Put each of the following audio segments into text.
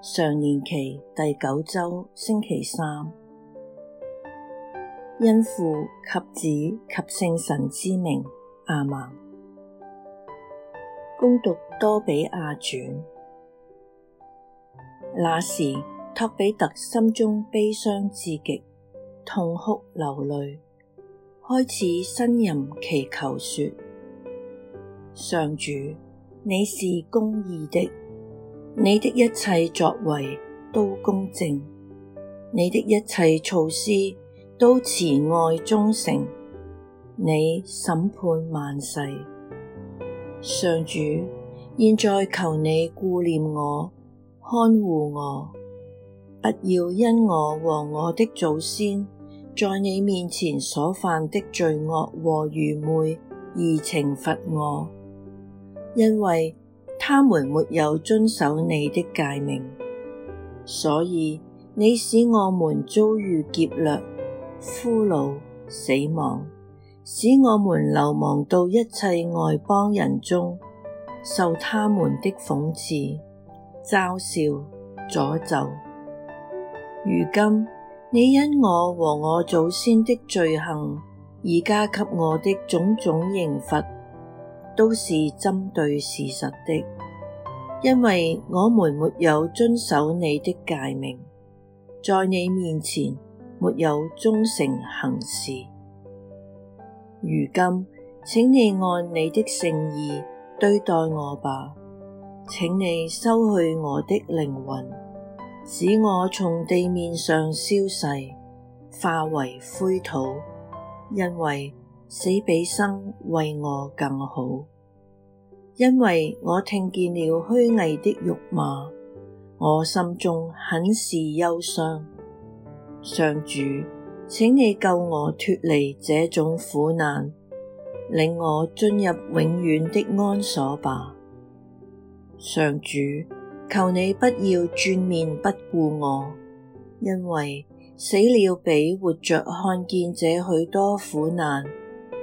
常年期第九周星期三，因父及子及聖神之名阿們。恭讀多俾亞傳。那時，托彼特心中悲傷至極，痛哭流淚，開始呻吟祈求說：上主，你是公義的。你的一切作為都公正，你的一切措施都慈愛忠誠。你審判萬世，上主，現在求你顧念我，看護我，不要因我和我的祖先在你面前所犯的罪惡和愚昧而懲罰我，因為。他們沒有遵守你的誡命，所以你使我們遭遇劫掠、俘虜、死亡，使我們流亡到一切外邦人中，受他們的諷刺、嘲笑、詛咒。如今，你因我和我祖先的罪行，而加給我的種種刑罰。都是針對事實的，因為我們沒有遵守你的誡命，在你面前沒有忠誠行事。如今，請你按你的聖意對待我吧，請你收去我的靈魂，使我從地面上消逝，化為灰土，因為，死比生為我更好，因為我聽見了虛偽的辱罵，我心中很是憂傷。上主，請你救我脫離這種苦難，領我進入永遠的安所吧。上主，求你不要轉面不顧我，因為死了比活着看見這許多苦難。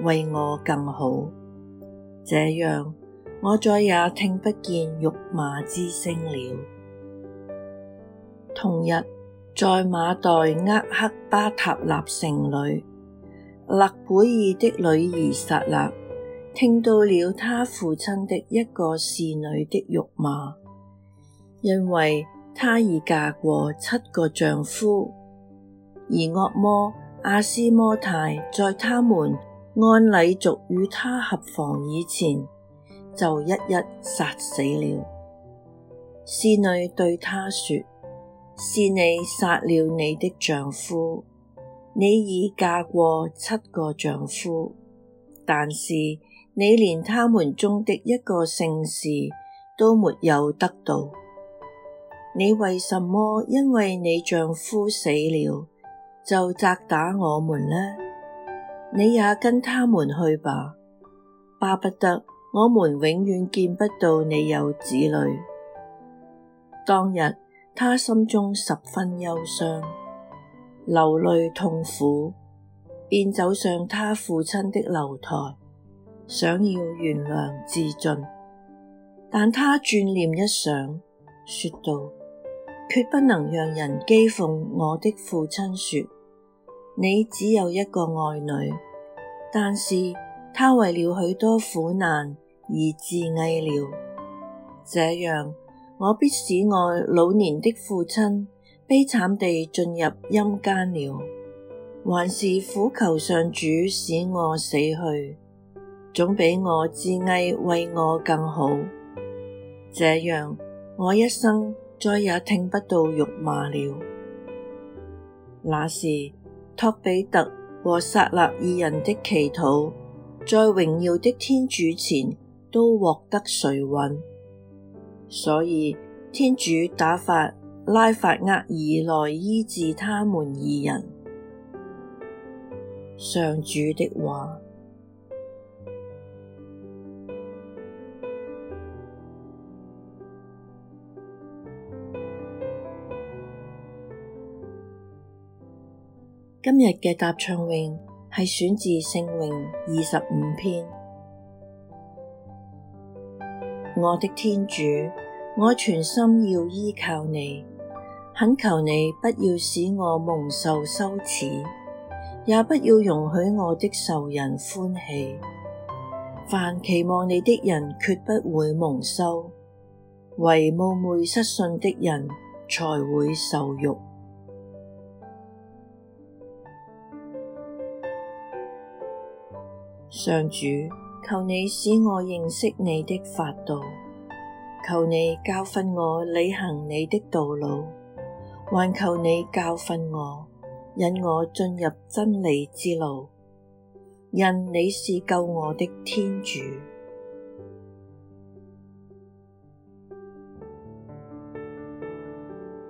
為我更好，這樣我再也聽不見辱罵之聲了。同日，在瑪待厄克巴塔納城裏，辣古耳的女兒撒辣聽到了她父親的一個侍女的辱罵，因為她已嫁過七個丈夫，而惡魔阿斯摩太在他們。按禮俗與他合房以前，就一一殺死了。使女對他說：是你殺了你的丈夫，你已嫁過七個丈夫，但是你連他們中的一個姓氏都沒有得到。你為什麼因為你丈夫死了就責打我們呢？你也跟他們去吧，巴不得我們永遠見不到你有子女。當日他心中十分憂傷，流淚痛苦，便走上他父親的樓台，想要懸樑自盡。但他轉念一想，說道：絕不能讓人譏諷我的父親說：你只有一個愛女，但是她為了許多苦難而自縊了。這樣，我必使我老年的父親悲慘地進入陰間了，還是苦求上主使我死去，總比我自縊為我更好。這樣，我一生再也聽不到辱罵了。那時，托彼特和撒辣二人的祈禱，在榮耀的天主前都獲得垂允，所以天主打發拉法厄爾來醫治他們二人。上主的話。今日嘅答唱詠係選自聖詠二十五篇。我的天主，我全心要依靠你，懇求你不要使我蒙受羞恥，也不要容許我的仇人歡喜。凡期望你的人決不會蒙羞，唯冒昧失信的人才會受辱。上主，求你使我認識你的法度，求你教訓我履行你的道路，還求你教訓我，引我進入真理之路。因你是救我的天主。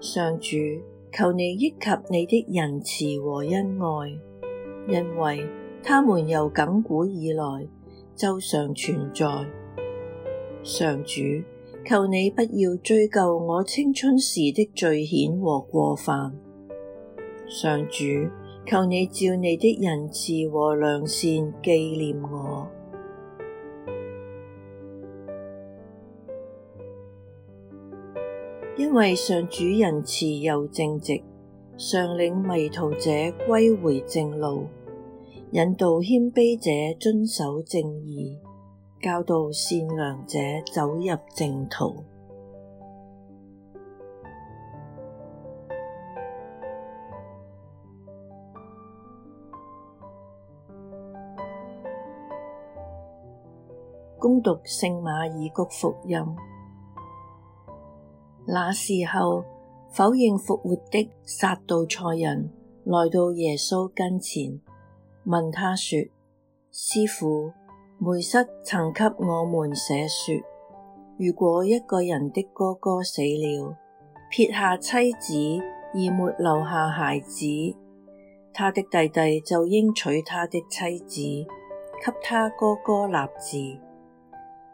上主，求你憶及你的仁慈和恩愛，因為，他們由亘古以來就常存在。上主，求你不要追究我青春時的罪愆和過犯。上主，求你照你的仁慈和良善紀念我，因為上主仁慈又正直，常領迷途者歸回正路。引導謙卑者遵守正義，教導善良者走入正途。 恭讀聖馬爾谷福音。音那時候，否認復活的撒杜塞人來到耶穌跟前。問他說：師傅！梅瑟曾給我們寫說，如果一個人的哥哥死了，撇下妻子而沒留下孩子，他的弟弟就應娶他的妻子，給他哥哥立嗣。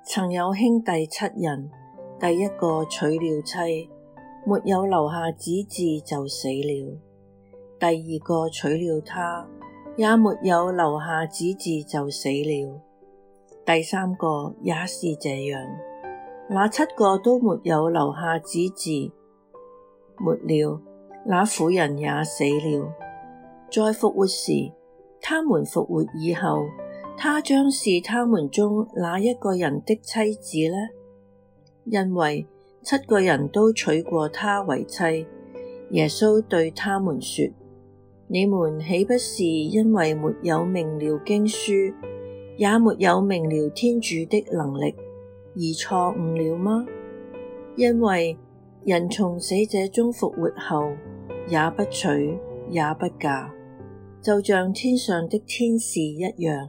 曾有兄弟七人，第一個娶了妻，沒有留下子嗣就死了，第二個娶了她。也沒有留下子嗣就死了。第三個也是這樣，那七個都沒有留下子嗣，末了，那婦人也死了。在復活時，他們復活以後，她將是他們中那一個人的妻子呢？因為七個人都娶過她為妻。耶穌對他們說。你們豈不是因為沒有明了經書，也沒有明了天主的能力，而錯誤了嗎？因為人從死者中復活後，也不娶，也不嫁，就像天上的天使一樣。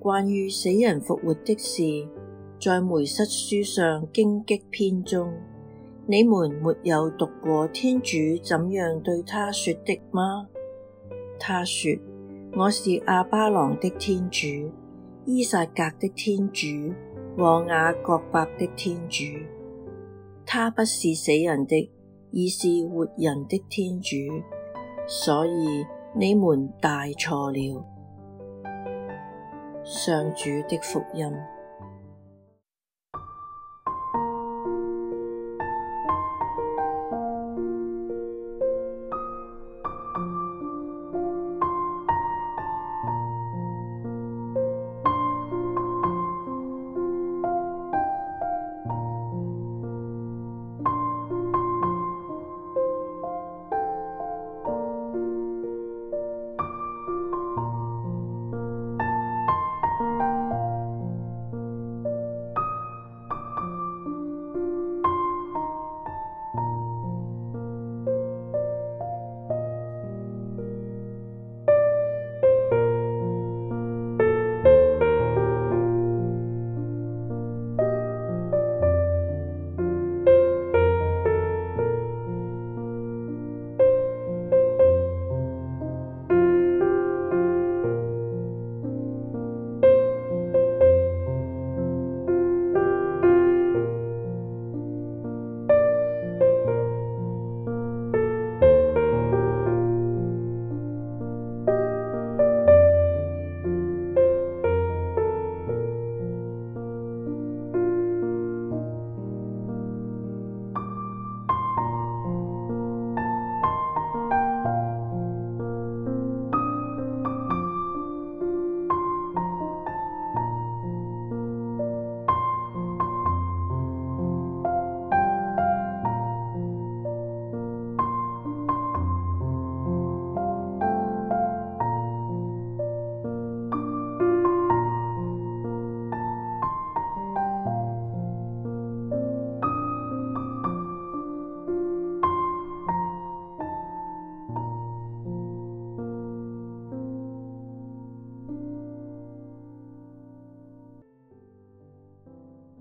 關於死人復活的事，在梅瑟書上荊棘篇中，你們沒有讀過天主怎樣對他說的嗎？他說：我是亞巴郎的天主、依撒格的天主和雅各伯的天主。他不是死人的，而是活人的天主。所以你們大錯了。上主的福音。